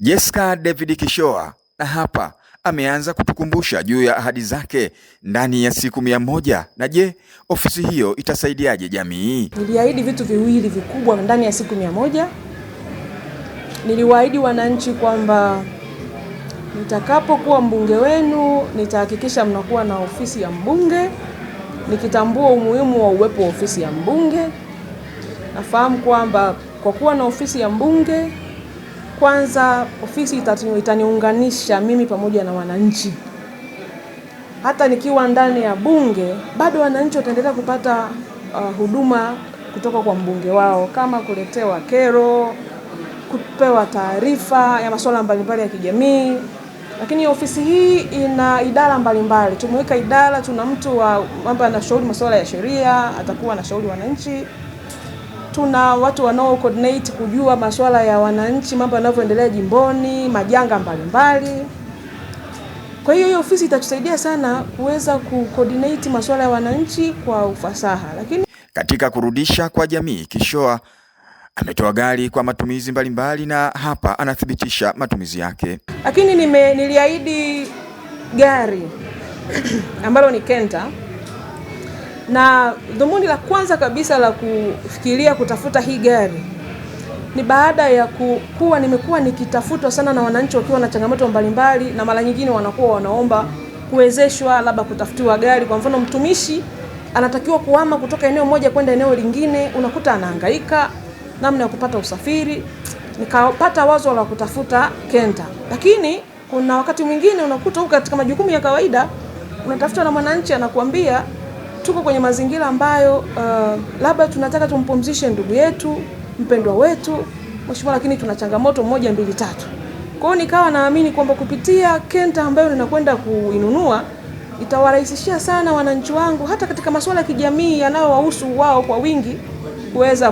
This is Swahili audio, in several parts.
Jesca David Kishoa na hapa ameanza kutukumbusha juu ya ahadi zake ndani ya siku mia moja na je, ofisi hiyo itasaidiaje jamii? Niliahidi vitu viwili vikubwa ndani ya siku mia moja. Niliwaahidi wananchi kwamba nitakapokuwa mbunge wenu nitahakikisha mnakuwa na ofisi ya mbunge, nikitambua umuhimu wa uwepo wa ofisi ya mbunge. Nafahamu kwamba kwa kuwa na ofisi ya mbunge kwanza ofisi itani, itaniunganisha mimi pamoja na wananchi. Hata nikiwa ndani ya bunge bado wananchi wataendelea kupata uh, huduma kutoka kwa mbunge wao, kama kuletewa kero, kupewa taarifa ya masuala mbalimbali ya kijamii. Lakini ofisi hii ina idara mbalimbali, tumeweka idara, tuna mtu wa mambo anashauri masuala ya sheria, atakuwa anashauri wananchi tuna watu wanao coordinate kujua masuala ya wananchi, mambo yanavyoendelea jimboni, majanga mbalimbali. Kwa hiyo hiyo ofisi itatusaidia sana kuweza coordinate masuala ya wananchi kwa ufasaha. Lakini katika kurudisha kwa jamii, Kishoa ametoa gari kwa matumizi mbalimbali mbali, na hapa anathibitisha matumizi yake. Lakini nime niliahidi gari ambalo ni Kenta na dhumuni la kwanza kabisa la kufikiria kutafuta hii gari ni baada ya kuwa nimekuwa nikitafutwa sana na wananchi wakiwa na changamoto mbalimbali, na mara nyingine wanakuwa wanaomba kuwezeshwa labda kutafutiwa gari. Kwa mfano, mtumishi anatakiwa kuhama kutoka eneo moja kwenda eneo lingine, unakuta anahangaika namna ya kupata usafiri. Nikapata wazo la kutafuta kenta, lakini kuna wakati mwingine unakuta huko katika majukumu ya kawaida unatafuta na mwananchi anakuambia tuko kwenye mazingira ambayo uh, labda tunataka tumpumzishe ndugu yetu mpendwa wetu mheshimiwa, lakini tuna changamoto moja mbili tatu. Kwa hiyo nikawa naamini kwamba kupitia kenta ambayo ninakwenda kuinunua itawarahisishia sana wananchi wangu hata katika masuala ya kijamii yanayowahusu wao kwa wingi kuweza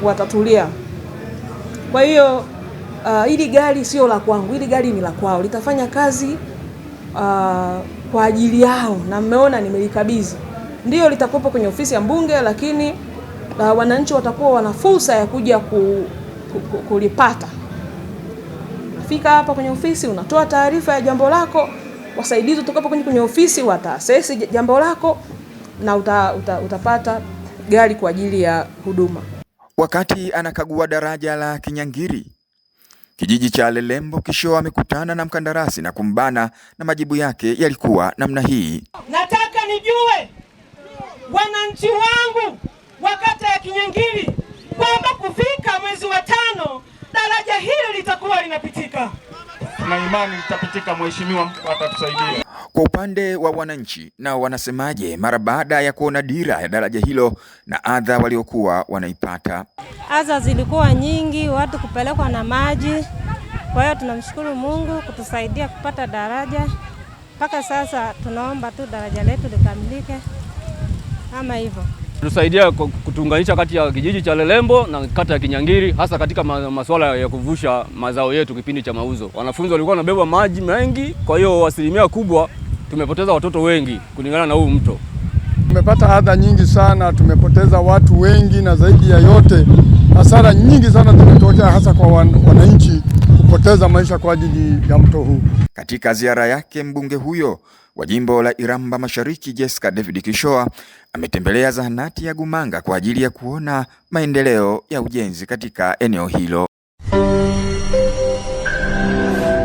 kuwatatulia ku, ku, ku, kwa hiyo uh, hili gari sio la kwangu, hili gari ni la kwao, litafanya kazi uh, kwa ajili yao, na mmeona nimelikabidhi. ndio litakuwepo kwenye ofisi ya mbunge, lakini la uh, wananchi watakuwa wana fursa ya kuja ku, ku, ku, kulipata. Fika hapa kwenye ofisi, unatoa taarifa ya jambo lako, wasaidizi utakapo kwenye ofisi wataasesi jambo lako na uta, uta, utapata gari kwa ajili ya huduma. Wakati anakagua daraja la Kinyangiri Kijiji cha Lelembo Kishoa amekutana na mkandarasi na kumbana na majibu yake yalikuwa namna hii. Nataka nijue wananchi wangu wa kata ya Kinyangili kwamba kufika mwezi wa tano daraja hili litakuwa linapitika. Tuna imani litapitika, mheshimiwa atatusaidia. Kwa upande wa wananchi nao wanasemaje mara baada ya kuona dira ya daraja hilo na adha waliokuwa wanaipata? Adha zilikuwa nyingi, watu kupelekwa na maji. Kwa hiyo tunamshukuru Mungu kutusaidia kupata daraja. Mpaka sasa tunaomba tu daraja letu likamilike, kama hivyo tusaidia kutuunganisha kati ya kijiji cha Lelembo na kata ya Kinyangiri, hasa katika masuala ya kuvusha mazao yetu kipindi cha mauzo. Wanafunzi walikuwa wanabeba maji mengi, kwa hiyo asilimia kubwa tumepoteza watoto wengi kulingana na huu mto. Tumepata adha nyingi sana, tumepoteza watu wengi, na zaidi ya yote hasara nyingi sana zimetokea, hasa kwa wananchi kupoteza maisha kwa ajili ya mto huu. Katika ziara yake, mbunge huyo wa jimbo la Iramba Mashariki Jessica David Kishoa ametembelea zahanati ya Gumanga kwa ajili ya kuona maendeleo ya ujenzi katika eneo hilo.